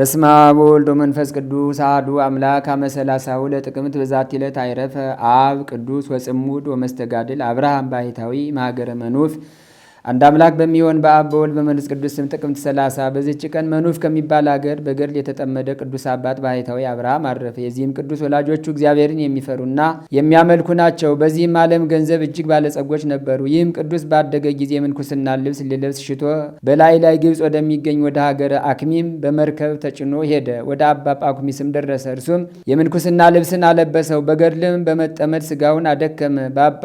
በስመ አብ ወወልድ ወመንፈስ ቅዱስ አሐዱ አምላክ አመ ሰላሳሁ ለጥቅምት በዛቲ ዕለት አይረፈ አብ ቅዱስ ወጽሙድ ወመስተጋድል አብርሃም ባሕታዊ ማገረ መኖፍ አንድ አምላክ በሚሆን በአብ በወልድ በመንፈስ ቅዱስ ስም ጥቅምት ሰላሳ በዚች ቀን መኑፍ ከሚባል አገር በገድል የተጠመደ ቅዱስ አባት ባህታዊ አብርሃም አረፈ። የዚህም ቅዱስ ወላጆቹ እግዚአብሔርን የሚፈሩና የሚያመልኩ ናቸው። በዚህም ዓለም ገንዘብ እጅግ ባለጸጎች ነበሩ። ይህም ቅዱስ ባደገ ጊዜ ምንኩስና ልብስ ሊለብስ ሽቶ በላይ ላይ ግብፅ ወደሚገኝ ወደ ሀገረ አክሚም በመርከብ ተጭኖ ሄደ። ወደ አባ ጳኩሚስም ደረሰ። እርሱም የምንኩስና ልብስን አለበሰው። በገድልም በመጠመድ ስጋውን አደከመ። በአባ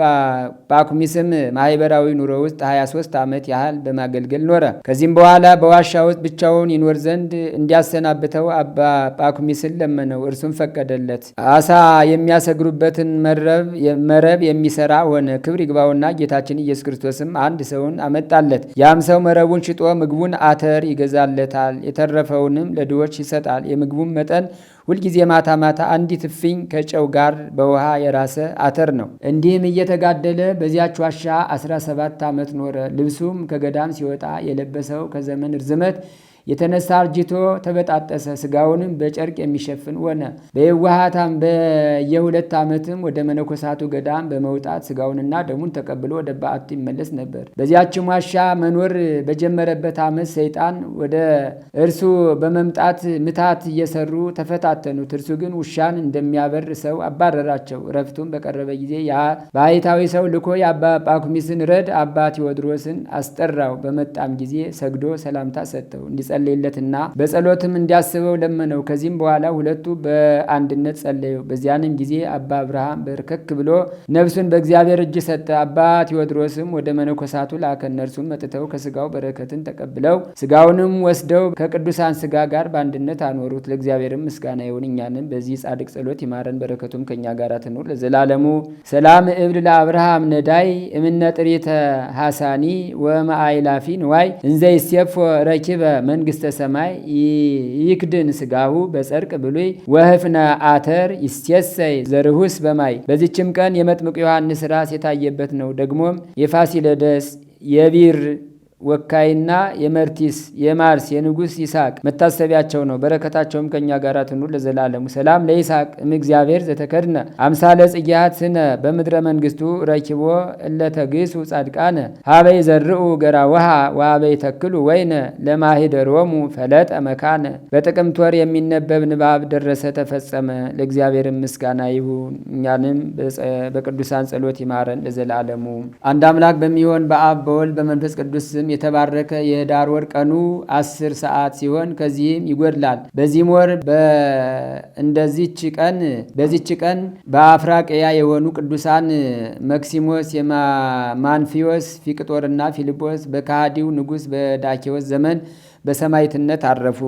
ጳኩሚስም ማህበራዊ ኑሮ ውስጥ 23 ሶስት ዓመት ያህል በማገልገል ኖረ። ከዚህም በኋላ በዋሻ ውስጥ ብቻውን ይኖር ዘንድ እንዲያሰናብተው አባ ጳኩሚስን ለመነው። እርሱም ፈቀደለት። አሳ የሚያሰግሩበትን መረብ የሚሰራ ሆነ። ክብር ይግባውና ጌታችን ኢየሱስ ክርስቶስም አንድ ሰውን አመጣለት። ያም ሰው መረቡን ሽጦ ምግቡን አተር ይገዛለታል፣ የተረፈውንም ለድሆች ይሰጣል። የምግቡን መጠን ሁልጊዜ ማታ ማታ አንዲት እፍኝ ከጨው ጋር በውሃ የራሰ አተር ነው። እንዲህም እየተጋደለ በዚያች ዋሻ 17 ዓመት ኖረ። ልብሱም ከገዳም ሲወጣ የለበሰው ከዘመን ርዝመት የተነሳ አርጅቶ ተበጣጠሰ፣ ስጋውንም በጨርቅ የሚሸፍን ሆነ። በየዋሃታም በየሁለት ዓመትም ወደ መነኮሳቱ ገዳም በመውጣት ስጋውንና ደሙን ተቀብሎ ወደ በዓቱ ይመለስ ነበር። በዚያችም ዋሻ መኖር በጀመረበት ዓመት ሰይጣን ወደ እርሱ በመምጣት ምታት እየሰሩ ተፈታተኑት። እርሱ ግን ውሻን እንደሚያበር ሰው አባረራቸው። እረፍቱም በቀረበ ጊዜ ባይታዊ ሰው ልኮ የአባ ጳኩሚስን ረድ አባ ቴዎድሮስን አስጠራው። በመጣም ጊዜ ሰግዶ ሰላምታ ሰጠው። እንዲጸልይለትና በጸሎትም እንዲያስበው ለመነው። ከዚህም በኋላ ሁለቱ በአንድነት ጸለዩ። በዚያንም ጊዜ አባ አብርሃም በርከክ ብሎ ነፍሱን በእግዚአብሔር እጅ ሰጠ። አባ ቴዎድሮስም ወደ መነኮሳቱ ላከ። እነርሱም መጥተው ከስጋው በረከትን ተቀብለው ስጋውንም ወስደው ከቅዱሳን ስጋ ጋር በአንድነት አኖሩት። ለእግዚአብሔርም ምስጋና ይሁን፣ እኛንም በዚህ ጻድቅ ጸሎት ይማረን፣ በረከቱም ከእኛ ጋር ትኑር ለዘላለሙ። ሰላም እብል ለአብርሃም ነዳይ እምነ ጥሪተ ሐሳኒ ወማአይላፊ ንዋይ እንዘይ ሴፎ ረኪበ መን መንግስተ ሰማይ ይክድን ስጋሁ በጸርቅ ብሉይ ወህፍነ አተር ይሴሰይ ዘርሁስ በማይ። በዚችም ቀን የመጥምቅ ዮሐንስ ራስ የታየበት ነው። ደግሞም የፋሲለደስ የቢር ወካይና የመርቲስ የማርስ የንጉሥ ይስሐቅ መታሰቢያቸው ነው። በረከታቸውም ከእኛ ጋር ትኑር ለዘላለሙ። ሰላም ለይስሐቅ እግዚአብሔር ዘተከድነ አምሳለ ጽጌሃት ስነ በምድረ መንግስቱ ረኪቦ እለተግሱ ጻድቃነ ሀበይ ዘርኡ ገራ ውሃ ወሀበይ ተክሉ ወይነ ለማሂደሮሙ ፈለጠ መካነ። በጥቅምት ወር የሚነበብ ንባብ ደረሰ ተፈጸመ። ለእግዚአብሔር ምስጋና ይሁን። እኛንም በቅዱሳን ጸሎት ይማረን ለዘላለሙ። አንድ አምላክ በሚሆን በአብ በወልድ በመንፈስ ቅዱስ ስም የተባረከ የህዳር ወር ቀኑ አስር ሰዓት ሲሆን ከዚህም ይጎድላል። በዚህም ወር እንደዚች ቀን በዚች ቀን በአፍራቅያ የሆኑ ቅዱሳን መክሲሞስ፣ የማንፊዮስ፣ ፊቅጦርና ፊልጶስ በካሃዲው ንጉሥ በዳኪዎስ ዘመን በሰማይትነት አረፉ።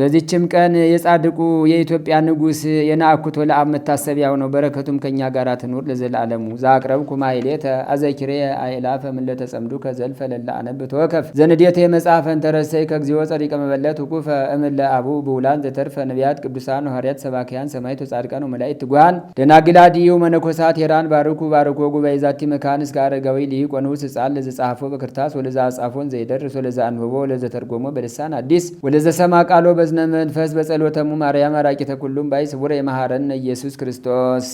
በዚችም ቀን የጻድቁ የኢትዮጵያ ንጉሥ የናአኩቶ ለአብ መታሰቢያው ነው። በረከቱም ከእኛ ጋር ትኑር ለዘላለሙ። ዛቅረብኩ ማሕሌተ አዘኪሬ አይላፈ ምለተ ጸምዱ ከዘልፈ ለላ አነብት ወከፍ ዘንዴተ የመጽሐፈን ተረሰይ ከእግዚኦ ጸሪቀ መበለት ውቁፈ እምለ አቡ ብውላን ዘተርፈ ነቢያት ቅዱሳን ሐዋርያት ሰባክያን ሰማዕት ወጻድቃን ወመላእክት ትጉሃን ደናግል አድኅዩ መነኮሳት ሄራን ባርኩ ባርኮ ጉባኤ ዛቲ መካን እስከ አረጋዊ ልይቆንውስ ህፃን ለዘጻሐፎ በክርታስ ወለዛ አጻፎን ዘይደርስ ወለዛ አንብቦ ወለዘተርጎሞ በልሳን ቅዱሳን አዲስ ወለዘሰማ ቃሎ በዝነ መንፈስ በጸሎተሙ ማርያም አራቂተ ኩሉም ባይ ስቡረ የመሐረነ ኢየሱስ ክርስቶስ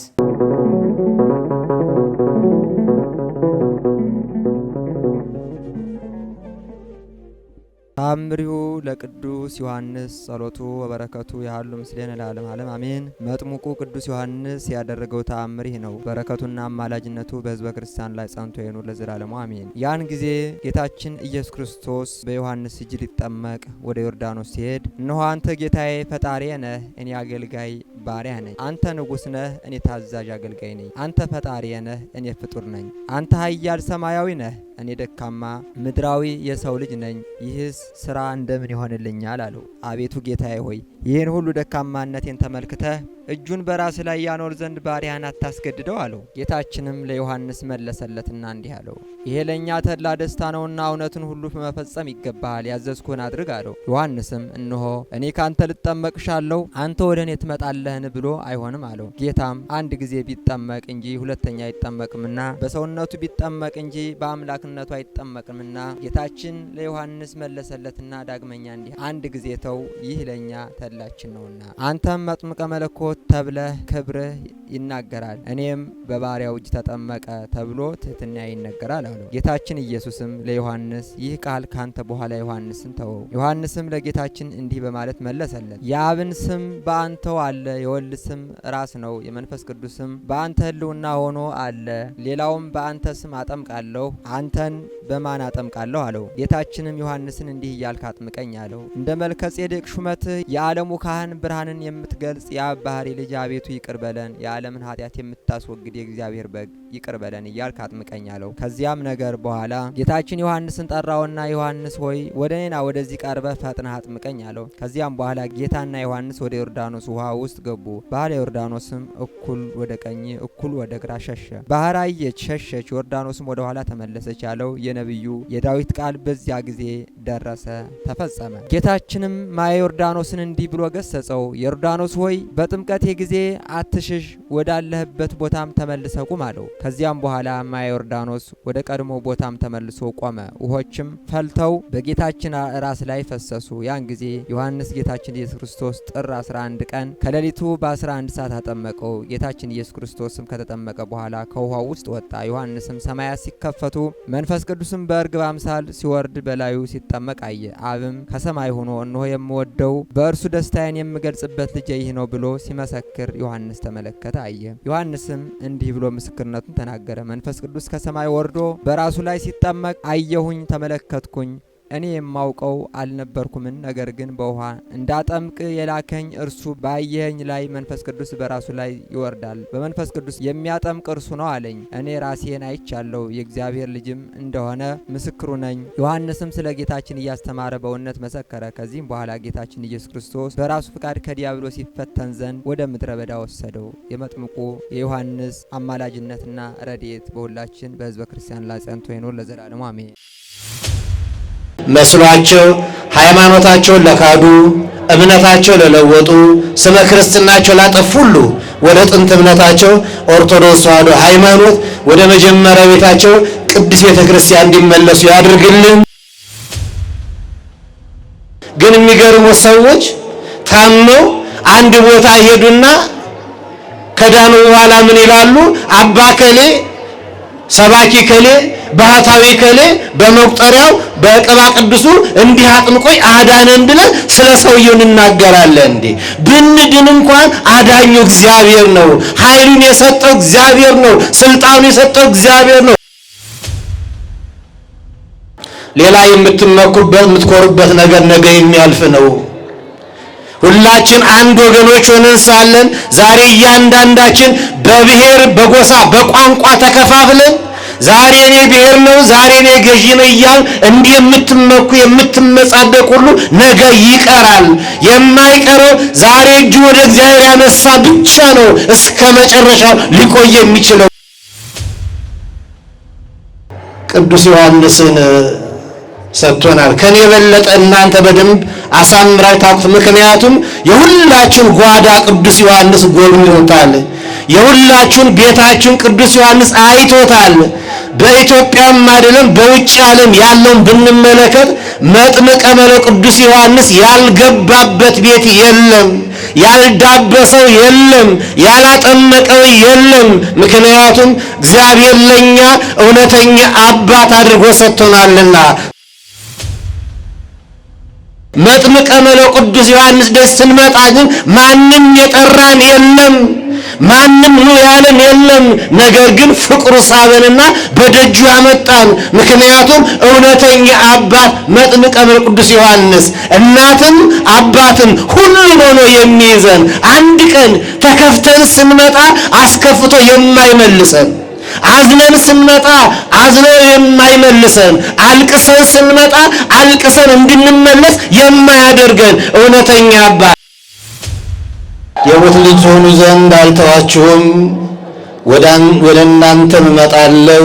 ተአምሪሁ ለቅዱስ ዮሐንስ ጸሎቱ ወበረከቱ ያህሉ ምስሌን ለዓለም ዓለም አሜን። መጥምቁ ቅዱስ ዮሐንስ ያደረገው ተአምር ይህ ነው። በረከቱና አማላጅነቱ በሕዝበ ክርስቲያን ላይ ጸንቶ ይኑር ለዘላለሙ አሜን። ያን ጊዜ ጌታችን ኢየሱስ ክርስቶስ በዮሐንስ እጅ ሊጠመቅ ወደ ዮርዳኖስ ሲሄድ፣ እነሆ አንተ ጌታዬ ፈጣሪ ነህ፣ እኔ አገልጋይ ባሪያ ነኝ። አንተ ንጉሥ ነህ፣ እኔ ታዛዥ አገልጋይ ነኝ። አንተ ፈጣሪ ነህ፣ እኔ ፍጡር ነኝ። አንተ ኃያል ሰማያዊ ነህ እኔ ደካማ ምድራዊ የሰው ልጅ ነኝ፣ ይህስ ስራ እንደምን ይሆንልኛል አለው። አቤቱ ጌታዬ ሆይ ይህን ሁሉ ደካማነቴን ተመልክተህ እጁን በራስ ላይ ያኖር ዘንድ ባሪያን አታስገድደው አለው። ጌታችንም ለዮሐንስ መለሰለትና እንዲህ አለው፣ ይሄ ለእኛ ተድላ ደስታ ነውና እውነትን ሁሉ መፈጸም ይገባሃል፣ ያዘዝኩህን አድርግ አለው። ዮሐንስም እንሆ እኔ ካንተ ልጠመቅሻለሁ፣ አንተ ወደ እኔ ትመጣለህን ብሎ አይሆንም አለው። ጌታም አንድ ጊዜ ቢጠመቅ እንጂ ሁለተኛ አይጠመቅምና በሰውነቱ ቢጠመቅ እንጂ በአምላክ በአምላክነቱ አይጠመቅምና ጌታችን ለዮሐንስ መለሰለትና ዳግመኛ እንዲህ አንድ ጊዜ ተው፣ ይህ ለእኛ ተድላችን ነውና አንተም መጥምቀ መለኮት ተብለህ ክብርህ ይናገራል እኔም በባሪያው እጅ ተጠመቀ ተብሎ ትህትና ይነገራል አለው። ጌታችን ኢየሱስም ለዮሐንስ ይህ ቃል ካንተ በኋላ ዮሐንስን ተወው። ዮሐንስም ለጌታችን እንዲህ በማለት መለሰለት የአብን ስም በአንተው አለ፣ የወልድ ስም ራስ ነው፣ የመንፈስ ቅዱስም በአንተ ህልውና ሆኖ አለ። ሌላውም በአንተ ስም አጠምቃለሁ አን አንተን በማን አጠምቃለሁ አለው። ጌታችንም ዮሐንስን እንዲህ እያልክ አጥምቀኝ አለው። እንደ መልከ ጼዴቅ ሹመትህ የዓለሙ ካህን ብርሃንን የምትገልጽ የአብ ባህሪ ልጅ አቤቱ ይቅር በለን፣ የዓለምን ኃጢአት የምታስወግድ የእግዚአብሔር በግ ይቅር በለን እያልክ አጥምቀኝ አለው። ከዚያም ነገር በኋላ ጌታችን ዮሐንስን ጠራውና ዮሐንስ ሆይ ወደ እኔና ወደዚህ ቀርበ ፈጥነህ አጥምቀኝ አለው። ከዚያም በኋላ ጌታና ዮሐንስ ወደ ዮርዳኖስ ውሃ ውስጥ ገቡ። ባህረ ዮርዳኖስም እኩል ወደ ቀኝ እኩል ወደ ግራ ሸሸ። ባህር አየች፣ ሸሸች። ዮርዳኖስም ወደ ኋላ ተመለሰች። የቻለው የነቢዩ የዳዊት ቃል በዚያ ጊዜ ደረሰ ተፈጸመ። ጌታችንም ማየ ዮርዳኖስን እንዲህ ብሎ ገሰጸው፣ ዮርዳኖስ ሆይ በጥምቀቴ ጊዜ አትሽሽ፣ ወዳለህበት ቦታም ተመልሰ ቁም አለው። ከዚያም በኋላ ማየ ዮርዳኖስ ወደ ቀድሞ ቦታም ተመልሶ ቆመ። ውሆችም ፈልተው በጌታችን ራስ ላይ ፈሰሱ። ያን ጊዜ ዮሐንስ ጌታችን ኢየሱስ ክርስቶስ ጥር 11 ቀን ከሌሊቱ በ11 ሰዓት አጠመቀው። ጌታችን ኢየሱስ ክርስቶስም ከተጠመቀ በኋላ ከውሃው ውስጥ ወጣ። ዮሐንስም ሰማያት ሲከፈቱ መንፈስ ቅዱስም በእርግብ አምሳል ሲወርድ በላዩ ሲታ ሲጠመቅ አየ። አብም ከሰማይ ሆኖ እነሆ የምወደው በእርሱ ደስታዬን የምገልጽበት ልጄ ይህ ነው ብሎ ሲመሰክር ዮሐንስ ተመለከተ አየ። ዮሐንስም እንዲህ ብሎ ምስክርነቱን ተናገረ። መንፈስ ቅዱስ ከሰማይ ወርዶ በራሱ ላይ ሲጠመቅ አየሁኝ፣ ተመለከትኩኝ እኔ የማውቀው አልነበርኩምን? ነገር ግን በውሃ እንዳጠምቅ የላከኝ እርሱ ባየኝ ላይ መንፈስ ቅዱስ በራሱ ላይ ይወርዳል፣ በመንፈስ ቅዱስ የሚያጠምቅ እርሱ ነው አለኝ። እኔ ራሴን አይቻለሁ፣ የእግዚአብሔር ልጅም እንደሆነ ምስክሩ ነኝ። ዮሐንስም ስለ ጌታችን እያስተማረ በእውነት መሰከረ። ከዚህም በኋላ ጌታችን ኢየሱስ ክርስቶስ በራሱ ፍቃድ ከዲያብሎስ ይፈተን ዘንድ ወደ ምድረ በዳ ወሰደው። የመጥምቁ የዮሐንስ አማላጅነትና ረድኤት በሁላችን በህዝበ ክርስቲያን ላጸንቶ ይኖር ለዘላለሙ አሜን። መስሏቸው ሃይማኖታቸውን ለካዱ እምነታቸው ለለወጡ ስመ ክርስትናቸው ላጠፉ ሁሉ ወደ ጥንት እምነታቸው ኦርቶዶክስ ተዋሕዶ ሃይማኖት ወደ መጀመሪያ ቤታቸው ቅዱስ ቤተ ክርስቲያን እንዲመለሱ ያድርግልን። ግን የሚገርሙ ሰዎች ታመው አንድ ቦታ ይሄዱና ከዳኑ በኋላ ምን ይላሉ? አባ ከሌ ሰባኪ ከሌ ባህታዊ ከሌ በመቁጠሪያው በቅባ ቅዱሱ እንዲህ አጥምቆይ አዳነን ብለን ስለ ሰውየው እንናገራለን። እንዴ ብንድን እንኳን አዳኙ እግዚአብሔር ነው። ኃይሉን የሰጠው እግዚአብሔር ነው። ስልጣኑን የሰጠው እግዚአብሔር ነው። ሌላ የምትመኩበት የምትኮሩበት ነገር ነገ የሚያልፍ ነው። ሁላችን አንድ ወገኖች ሆነን ሳለን ዛሬ እያንዳንዳችን በብሔር በጎሳ በቋንቋ ተከፋፍለን ዛሬ እኔ ብሔር ነው፣ ዛሬ እኔ ገዢ ነው እያል እንዲህ የምትመኩ የምትመጻደቅ ሁሉ ነገ ይቀራል። የማይቀረው ዛሬ እጁ ወደ እግዚአብሔር ያነሳ ብቻ ነው እስከ መጨረሻው ሊቆይ የሚችለው። ቅዱስ ዮሐንስን ሰጥቶናል። ከኔ የበለጠ እናንተ በደንብ አሳምራችሁ ታቁት። ምክንያቱም የሁላችሁን ጓዳ ቅዱስ ዮሐንስ ጎብኝቶታል። የሁላችሁን ቤታችሁን ቅዱስ ዮሐንስ አይቶታል። በኢትዮጵያም አይደለም በውጭ ዓለም ያለውን ብንመለከት መጥምቀ መለኮት ቅዱስ ዮሐንስ ያልገባበት ቤት የለም፣ ያልዳበሰው የለም፣ ያላጠመቀው የለም። ምክንያቱም እግዚአብሔር ለኛ እውነተኛ አባት አድርጎ ሰጥቶናልና። መጥምቀ መለኮት ቅዱስ ዮሐንስ ደስ ስንመጣ ግን ማንም የጠራን የለም። ማንም ነው ያለን የለም። ነገር ግን ፍቅሩ ሳበንና በደጁ ያመጣን። ምክንያቱም እውነተኛ አባት መጥምቀ መንፈስ ቅዱስ ዮሐንስ እናትም አባትም ሁሉም ሆኖ የሚይዘን አንድ ቀን ተከፍተን ስንመጣ አስከፍቶ የማይመልሰን አዝነን ስንመጣ አዝኖ የማይመልሰን አልቅሰን ስንመጣ አልቅሰን እንድንመለስ የማያደርገን እውነተኛ አባት የሙት ልጅ ሆኑ ዘንድ አልተዋችሁም፣ ወደ እናንተም እመጣለሁ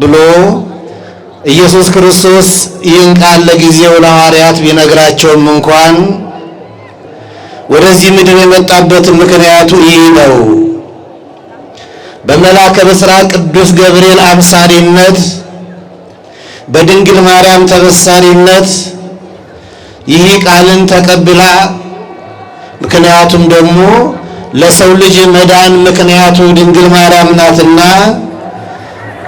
ብሎ ኢየሱስ ክርስቶስ ይህን ቃል ለጊዜው ለሐዋርያት ቢነግራቸውም እንኳን ወደዚህ ምድር የመጣበት ምክንያቱ ይህ ነው። በመልአከ ምሥራቅ ቅዱስ ገብርኤል አብሳሪነት በድንግል ማርያም ተበሳሪነት ይህ ቃልን ተቀብላ ምክንያቱም ደግሞ ለሰው ልጅ መዳን ምክንያቱ ድንግል ማርያም ናትና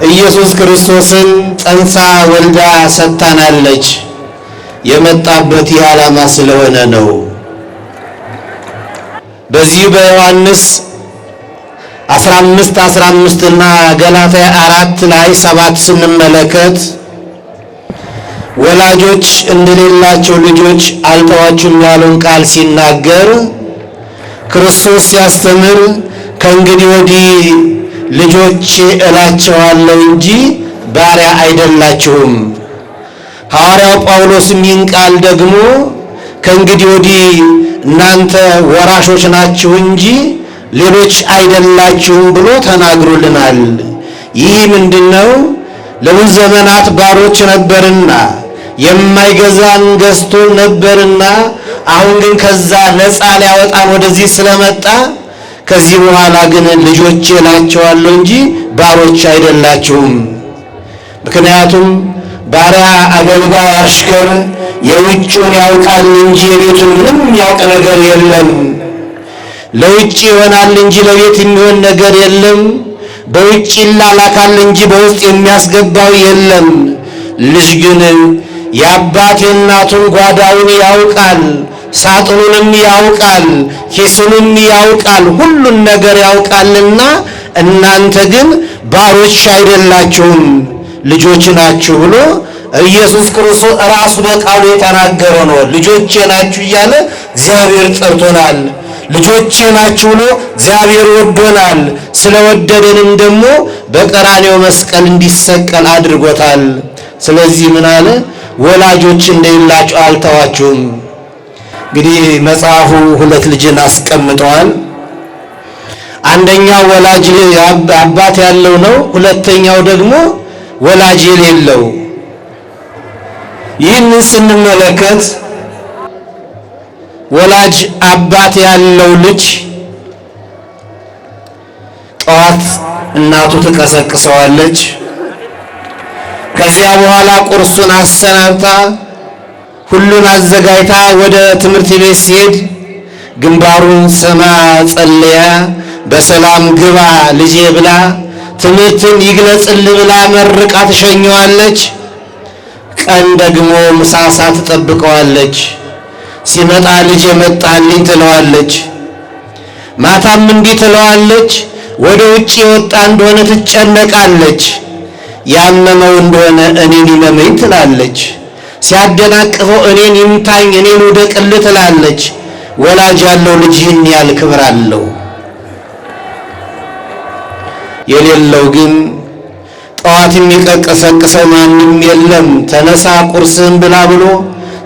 ኢየሱስ ክርስቶስን ጸንሳ ወልዳ ሰጥታናለች። የመጣበት ይህ ዓላማ ስለሆነ ነው። በዚህ በዮሐንስ 15 15 እና ገላትያ 4 ላይ 7 ስንመለከት ወላጆች እንደሌላቸው ልጆች አልተዋችሁም ያለውን ቃል ሲናገር ክርስቶስ ሲያስተምር ከእንግዲህ ወዲህ ልጆቼ እላቸዋለሁ እንጂ ባሪያ አይደላችሁም። ሐዋርያው ጳውሎስ ይህን ቃል ደግሞ ከእንግዲህ ወዲህ እናንተ ወራሾች ናችሁ እንጂ ሌሎች አይደላችሁም ብሎ ተናግሮልናል። ይህ ምንድነው ነው? ለብዙ ዘመናት ባሮች ነበርና የማይገዛን ገዝቶ ነበርና አሁን ግን ከዛ ነፃ ሊያወጣን ወደዚህ ስለመጣ ከዚህ በኋላ ግን ልጆች እላቸዋለሁ እንጂ ባሮች አይደላችሁም። ምክንያቱም ባሪያ፣ አገልጋይ፣ አሽከር የውጭውን ያውቃል እንጂ የቤቱን ምንም ያውቅ ነገር የለም። ለውጭ ይሆናል እንጂ ለቤት የሚሆን ነገር የለም። በውጭ ይላላካል እንጂ በውስጥ የሚያስገባው የለም። ልጅ ግን የአባት የእናቱን ጓዳውን ያውቃል፣ ሳጥኑንም ያውቃል፣ ኪስንም ያውቃል፣ ሁሉን ነገር ያውቃልና እናንተ ግን ባሮች አይደላችሁም ልጆች ናችሁ ብሎ ኢየሱስ ክርስቶስ ራሱ በቃሉ የተናገረ ነው። ልጆቼ ናችሁ እያለ እግዚአብሔር ጠርቶናል። ልጆቼ ናችሁ ብሎ እግዚአብሔር ወዶናል። ስለወደደንም ደግሞ በቀራኔው መስቀል እንዲሰቀል አድርጎታል። ስለዚህ ምን አለ? ወላጆች እንደሌላችሁ አልተዋችሁም። እንግዲህ መጽሐፉ ሁለት ልጅን አስቀምጠዋል። አንደኛው ወላጅ አባት ያለው ነው። ሁለተኛው ደግሞ ወላጅ የሌለው። ይህንን ስንመለከት ወላጅ አባት ያለው ልጅ ጠዋት እናቱ ትቀሰቅሰዋለች። ከዚያ በኋላ ቁርሱን አሰናብታ ሁሉን አዘጋጅታ ወደ ትምህርት ቤት ሲሄድ ግንባሩን ስማ ጸልያ በሰላም ግባ ልጄ ብላ ትምህርትን ይግለጽል ብላ መርቃ ትሸኘዋለች። ቀን ደግሞ ምሳሳ ትጠብቀዋለች። ሲመጣ ልጄ መጣልኝ ትለዋለች። ማታም እንዲህ ትለዋለች። ወደ ውጭ የወጣ እንደሆነ ትጨነቃለች። ያመመው እንደሆነ እኔን ይመመኝ ትላለች። ሲያደናቅፈው እኔን ይምታኝ፣ እኔን ውደቅል ትላለች። ወላጅ ያለው ልጅህን ያህል ክብር አለው። የሌለው ግን ጠዋት የሚቀቀሰቅሰው ማንም የለም፣ ተነሳ ቁርስህን ብላ ብሎ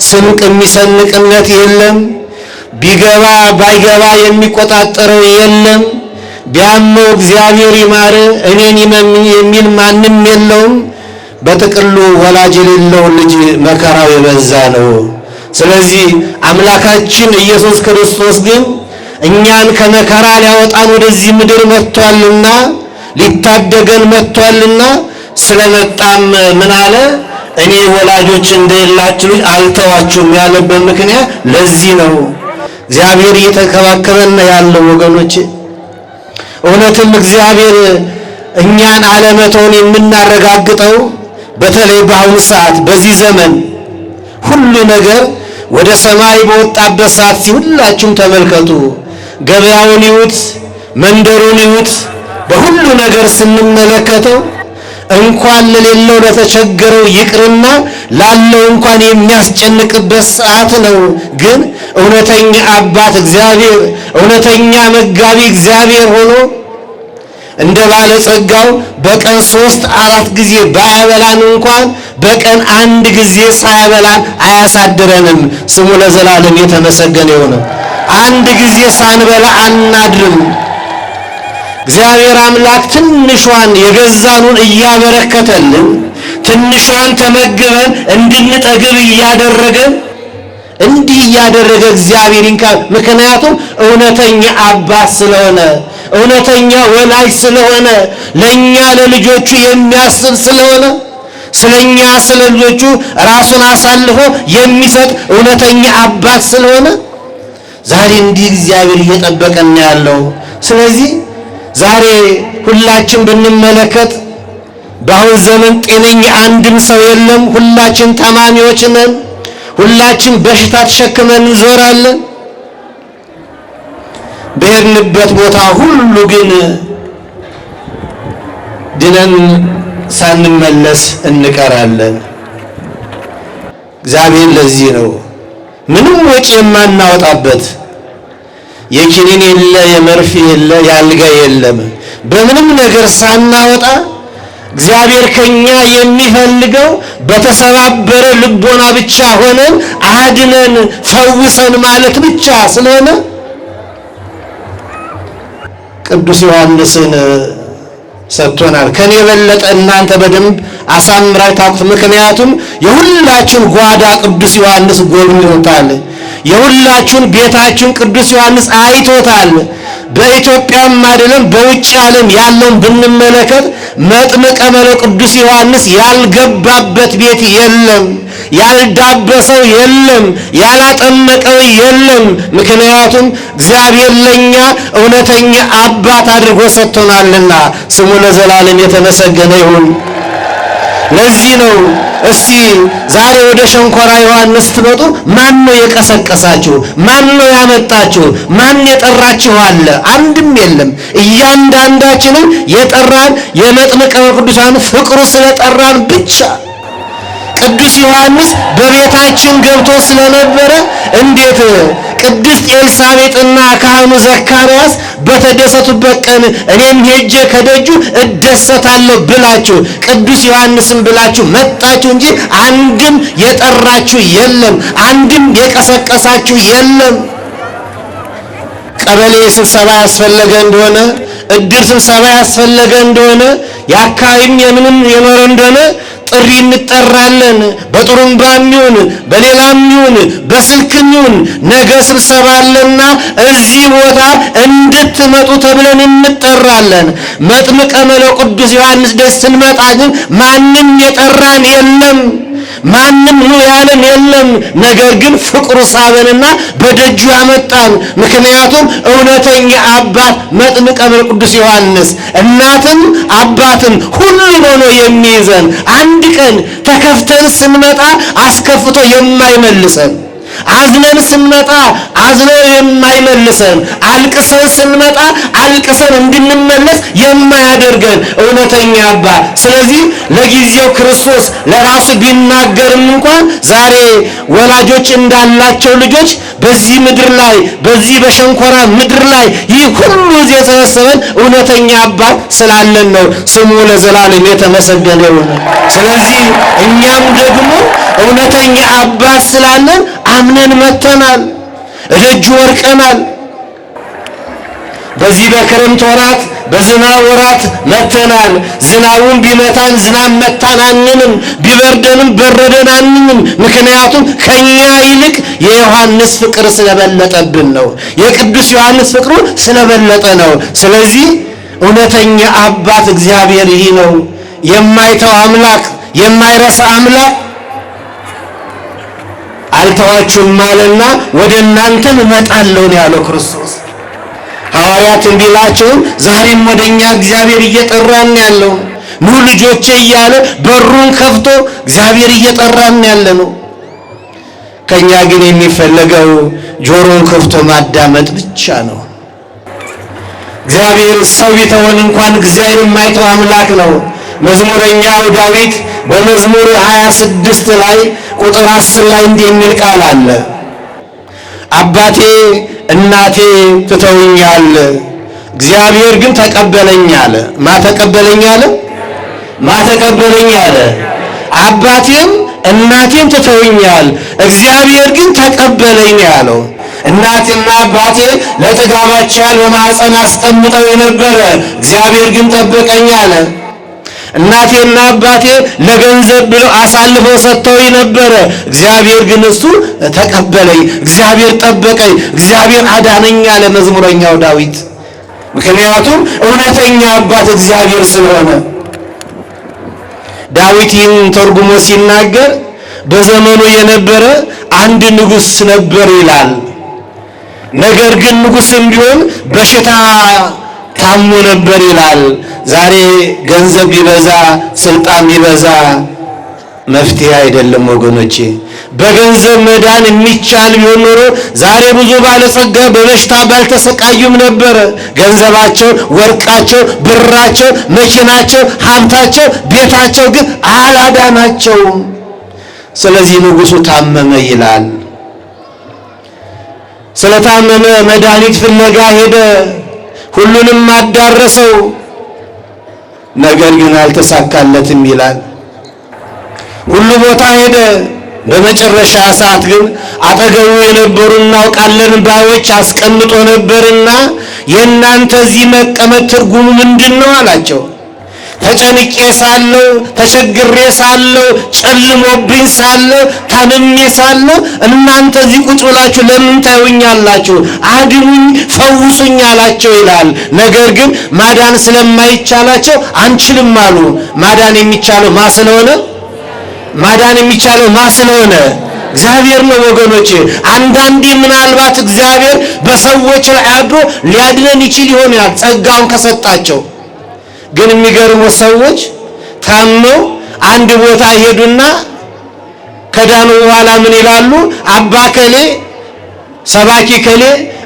ስንቅ የሚሰንቅለት የለም፣ ቢገባ ባይገባ የሚቆጣጠረው የለም። ቢያመው እግዚአብሔር ይማር እኔን የሚል ማንም የለውም። በጥቅሉ ወላጅ የሌለው ልጅ መከራው የበዛ ነው። ስለዚህ አምላካችን ኢየሱስ ክርስቶስ ግን እኛን ከመከራ ሊያወጣን ወደዚህ ምድር መጥቷልና ሊታደገን መጥቷልና ስለመጣም ምን አለ? እኔ ወላጆች እንደሌላችሁ ልጅ አልተዋችሁም ያለበት ምክንያት ለዚህ ነው። እግዚአብሔር እየተከባከበን ያለው ወገኖቼ እውነትም እግዚአብሔር እኛን አለመተውን የምናረጋግጠው በተለይ በአሁኑ ሰዓት በዚህ ዘመን ሁሉ ነገር ወደ ሰማይ በወጣበት ሰዓት ሲሁላችሁም ተመልከቱ። ገበያውን ይዩት፣ መንደሩን ይዩት፣ በሁሉ ነገር ስንመለከተው እንኳን ለሌለው ለተቸገረው ይቅርና ላለው እንኳን የሚያስጨንቅበት ሰዓት ነው። ግን እውነተኛ አባት እግዚአብሔር እውነተኛ መጋቢ እግዚአብሔር ሆኖ እንደ ጸጋው በቀን ሶስት አራት ጊዜ ባያበላን እንኳን በቀን አንድ ጊዜ ሳያበላን አያሳድረንም። ስሙ ለዘላለም የተመሰገነ የሆነ አንድ ጊዜ ሳንበላ አናድርም። እግዚአብሔር አምላክ ትንሿን የገዛኑን እያበረከተልን ትንሿን ተመግበን እንድንጠግብ እያደረገ እንዲህ እያደረገ እግዚአብሔር ይንካ። ምክንያቱም እውነተኛ አባት ስለሆነ፣ እውነተኛ ወላጅ ስለሆነ፣ ለኛ ለልጆቹ የሚያስብ ስለሆነ፣ ስለኛ ስለ ልጆቹ ራሱን አሳልፎ የሚሰጥ እውነተኛ አባት ስለሆነ ዛሬ እንዲህ እግዚአብሔር እየጠበቀን ያለው ስለዚህ ዛሬ ሁላችን ብንመለከት በአሁን ዘመን ጤነኛ አንድም ሰው የለም። ሁላችን ታማሚዎች ነን። ሁላችን በሽታ ተሸክመን እንዞራለን። በሄድንበት ቦታ ሁሉ ግን ድነን ሳንመለስ እንቀራለን። እግዚአብሔር ለዚህ ነው ምንም ወጪ የማናወጣበት የኪኒን የለ የመርፌ የለ የአልጋ የለም። በምንም ነገር ሳናወጣ እግዚአብሔር ከኛ የሚፈልገው በተሰባበረ ልቦና ብቻ ሆነን አድነን ፈውሰን ማለት ብቻ ስለሆነ ቅዱስ ዮሐንስን ሰጥቶናል። ከኔ የበለጠ እናንተ በደንብ አሳምራችሁ ታውቁት። ምክንያቱም የሁላችሁን ጓዳ ቅዱስ ዮሐንስ ጎብኝቶታል። የሁላችሁን ቤታችሁን ቅዱስ ዮሐንስ አይቶታል። በኢትዮጵያም አይደለም በውጭ ዓለም ያለውን ብንመለከት መጥምቀ መለኮት ቅዱስ ዮሐንስ ያልገባበት ቤት የለም፣ ያልዳበሰው የለም፣ ያላጠመቀው የለም። ምክንያቱም እግዚአብሔር ለኛ እውነተኛ አባት አድርጎ ሰጥቶናልና ስሙ ለዘላለም የተመሰገነ ይሁን። ለዚህ ነው እስቲ ዛሬ ወደ ሸንኮራ ዮሐንስ ትመጡ፣ ማን ነው የቀሰቀሳችሁ? ማን ነው ያመጣችሁ? ማን የጠራችሁ አለ? አንድም የለም። እያንዳንዳችንም የጠራን የመጥምቀ ቅዱሳን ፍቅሩ ስለጠራን ብቻ ቅዱስ ዮሐንስ በቤታችን ገብቶ ስለነበረ እንዴት ቅድስት ኤልሳቤጥና ካህኑ ዘካርያስ በተደሰቱበት ቀን እኔም ሄጄ ከደጁ እደሰታለሁ ብላችሁ ቅዱስ ዮሐንስም ብላችሁ መጣችሁ እንጂ አንድም የጠራችሁ የለም፣ አንድም የቀሰቀሳችሁ የለም። ቀበሌ ስብሰባ ያስፈለገ እንደሆነ እድር ስብሰባ ያስፈለገ እንደሆነ የአካባቢም የምንም የኖረ እንደሆነ ጥሪ እንጠራለን። በጥሩምባ ይሁን በሌላም ይሁን በስልክም ይሁን ነገ ስብሰባ አለና እዚህ ቦታ እንድትመጡ ተብለን እንጠራለን። መጥምቀ መለኮት ቅዱስ ዮሐንስ ደስ ስንመጣ ግን ማንም የጠራን የለም። ማንም ኑ ያለን የለም። ነገር ግን ፍቅሩ ሳበንና በደጁ ያመጣን። ምክንያቱም እውነተኛ አባት መጥምቀ መንፈስ ቅዱስ ዮሐንስ እናትም አባትም ሁሉን ሆኖ የሚይዘን አንድ ቀን ተከፍተን ስንመጣ አስከፍቶ የማይመልሰን አዝነን ስንመጣ አዝኖ የማይመልሰን አልቅሰን ስንመጣ አልቅሰን እንድንመለስ የማያደርገን እውነተኛ አባ ስለዚህ ለጊዜው ክርስቶስ ለራሱ ቢናገርም እንኳን ዛሬ ወላጆች እንዳላቸው ልጆች በዚህ ምድር ላይ በዚህ በሸንኮራ ምድር ላይ ይህ ሁሉ የተሰበሰበን እውነተኛ አባት ስላለን ነው። ስሙ ለዘላለም የተመሰገነ ይሁን። ስለዚህ እኛም ደግሞ እውነተኛ አባት ስላለን አምነን መተናል፣ እጅ ወርቀናል። በዚህ በክረምት ወራት በዝናብ ወራት መተናል። ዝናቡን ቢመታን ዝናብ መታን አንንም ቢበርደንም በረደን አንንም ምክንያቱም ከኛ ይልቅ የዮሐንስ ፍቅር ስለበለጠብን ነው። የቅዱስ ዮሐንስ ፍቅሩ ስለበለጠ ነው። ስለዚህ እውነተኛ አባት እግዚአብሔር ይህ ነው። የማይተው አምላክ፣ የማይረሳ አምላክ አልተዋችሁም አለና ወደ እናንተ እመጣለሁ ያለው ክርስቶስ ሐዋርያት እንዲላቸው ዛሬም ወደኛ እግዚአብሔር እየጠራን ያለው ኑ ልጆቼ እያለ በሩን ከፍቶ እግዚአብሔር እየጠራን ያለ ነው። ከኛ ግን የሚፈለገው ጆሮን ከፍቶ ማዳመጥ ብቻ ነው። እግዚአብሔር ሰው ቢተወን እንኳን እግዚአብሔር የማይተው አምላክ ነው። መዝሙረኛው ዳዊት በመዝሙር 26 ላይ ቁጥር 10 ላይ እንዲህ የሚል ቃል አለ አባቴ እናቴ ትተውኛል፣ እግዚአብሔር ግን ተቀበለኝ አለ። ማ ተቀበለኝ አለ? ማ ተቀበለኝ አለ? አባቴም እናቴም ትተውኛል፣ እግዚአብሔር ግን ተቀበለኝ ያለው እናቴና አባቴ ለጥጋባቻል በማዕፀን አስቀምጠው የነበረ እግዚአብሔር ግን ጠበቀኝ አለ። እናቴና አባቴ ለገንዘብ ብለው አሳልፈው ሰጥተውኝ ነበረ። እግዚአብሔር ግን እሱ ተቀበለኝ፣ እግዚአብሔር ጠበቀኝ፣ እግዚአብሔር አዳነኝ አለ መዝሙረኛው ዳዊት። ምክንያቱም እውነተኛ አባት እግዚአብሔር ስለሆነ ዳዊት ይህን ተርጉሞ ሲናገር በዘመኑ የነበረ አንድ ንጉሥ ነበር ይላል። ነገር ግን ንጉሥም ቢሆን በሽታ ታሞ ነበር ይላል። ዛሬ ገንዘብ ቢበዛ ስልጣን ቢበዛ መፍትሄ አይደለም ወገኖቼ። በገንዘብ መዳን የሚቻል ቢሆን ኖሮ ዛሬ ብዙ ባለጸጋ በበሽታ ባልተሰቃዩም ነበረ። ገንዘባቸው፣ ወርቃቸው፣ ብራቸው፣ መኪናቸው፣ ሀብታቸው፣ ቤታቸው ግን አላዳናቸውም። ስለዚህ ንጉሱ ታመመ ይላል። ስለታመመ መድኃኒት ፍለጋ ሄደ። ሁሉንም አዳረሰው፣ ነገር ግን አልተሳካለትም ይላል። ሁሉ ቦታ ሄደ። በመጨረሻ ሰዓት ግን አጠገቡ የነበሩ እናውቃለን ባዮች አስቀምጦ ነበርና የእናንተ እዚህ መቀመጥ ትርጉሙ ምንድን ነው አላቸው። ተጨንቄ ሳለው ተቸግሬ ሳለው ጨልሞብኝ ሳለሁ ታምሜ ሳለው እናንተ እዚህ ቁጭ ብላችሁ ለምን ታዩኛላችሁ? አድኑኝ፣ ፈውሱኝ አላቸው ይላል። ነገር ግን ማዳን ስለማይቻላቸው አንችልም አሉ። ማዳን የሚቻለው ማ ስለሆነ ማዳን የሚቻለው ማ ስለሆነ እግዚአብሔር ነው ወገኖች። አንዳንዴ ምናልባት እግዚአብሔር በሰዎች ላይ አድሮ ሊያድነን ይችል ይሆናል ጸጋውን ከሰጣቸው ግን የሚገርሙ ሰዎች ታመው አንድ ቦታ ሄዱና ከዳኑ በኋላ ምን ይላሉ? አባ ከሌ፣ ሰባኪ ከሌ፣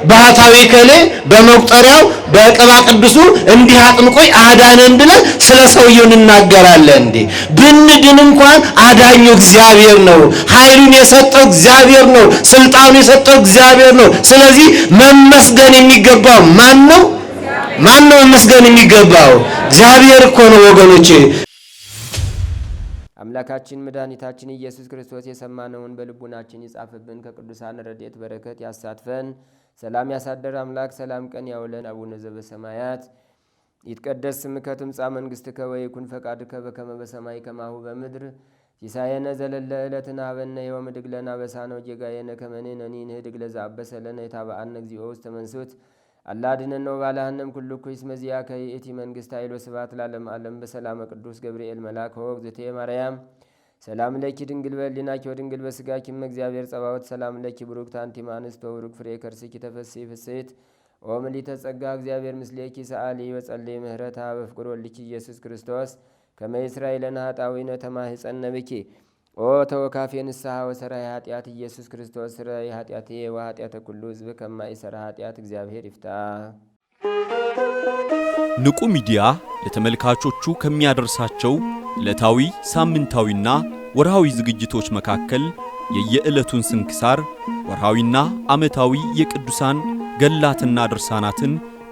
ባህታዊ ከሌ በመቁጠሪያው በቅባ ቅዱሱ እንዲህ አጥምቆኝ አዳነን ብለን ስለ ሰውየው እንናገራለን። እንዴ ብንድን እንኳን አዳኙ እግዚአብሔር ነው። ኃይሉን የሰጠው እግዚአብሔር ነው። ስልጣኑ የሰጠው እግዚአብሔር ነው። ስለዚህ መመስገን የሚገባው ማን ነው? ማን ነው መስገን የሚገባው? እግዚአብሔር እኮ ነው ወገኖቼ። አምላካችን መድኃኒታችን ኢየሱስ ክርስቶስ የሰማነውን በልቡናችን ይጻፍብን፣ ከቅዱሳን ረድኤት በረከት ያሳትፈን። ሰላም ያሳደረ አምላክ ሰላም ቀን ያውለን። አቡነ ዘበሰማያት ይትቀደስ ስምከ ትምጻእ መንግሥትከ ወይኩን ፈቃድከ በከመ በሰማይ ከማሁ በምድር ሲሳየነ ዘለለ ዕለትነ ሀበነ ዮም ወኅድግ ለነ አበሳነ ወጌጋየነ ከመ ንሕነኒ ንኅድግ ለዘአበሰ ለነ የታበአነ እግዚኦ ውስተ መንሱት አላድነን ነው ባላህንም ኩልኩ ይስመዚያ ከየእቲ መንግስት ኃይሎ ስባት ላለም አለም በሰላመ ቅዱስ ገብርኤል መላክ ሆክ ዘቴ ማርያም ሰላም ለኪ ድንግል በሊናኪ ወድንግል በስጋኪም እግዚአብሔር ጸባወት ሰላም ለኪ ብሩክት አንቲ እምአንስት ወብሩክ ፍሬ ከርስኪ ተፈሥሒ ፍሥሕት ኦምሊ ተጸጋ እግዚአብሔር ምስሌኪ ሰአሊ ወጸልይ ምህረታ በፍቅሮ ልኪ ኢየሱስ ክርስቶስ ከመ ይስራይ ለነ ኃጣውኢነ ተማኅፀነ ኦ ተወካፌ ንስሐ ወሰራ የኃጢአት ኢየሱስ ክርስቶስ ስረ የዋ ወኃጢአተ ኩሉ ህዝብ ከማይሰራ ኃጢአት እግዚአብሔር ይፍታ። ንቁ ሚዲያ ለተመልካቾቹ ከሚያደርሳቸው ዕለታዊ ሳምንታዊና ወርሃዊ ዝግጅቶች መካከል የየዕለቱን ስንክሳር ወርሃዊና ዓመታዊ የቅዱሳን ገላትና ድርሳናትን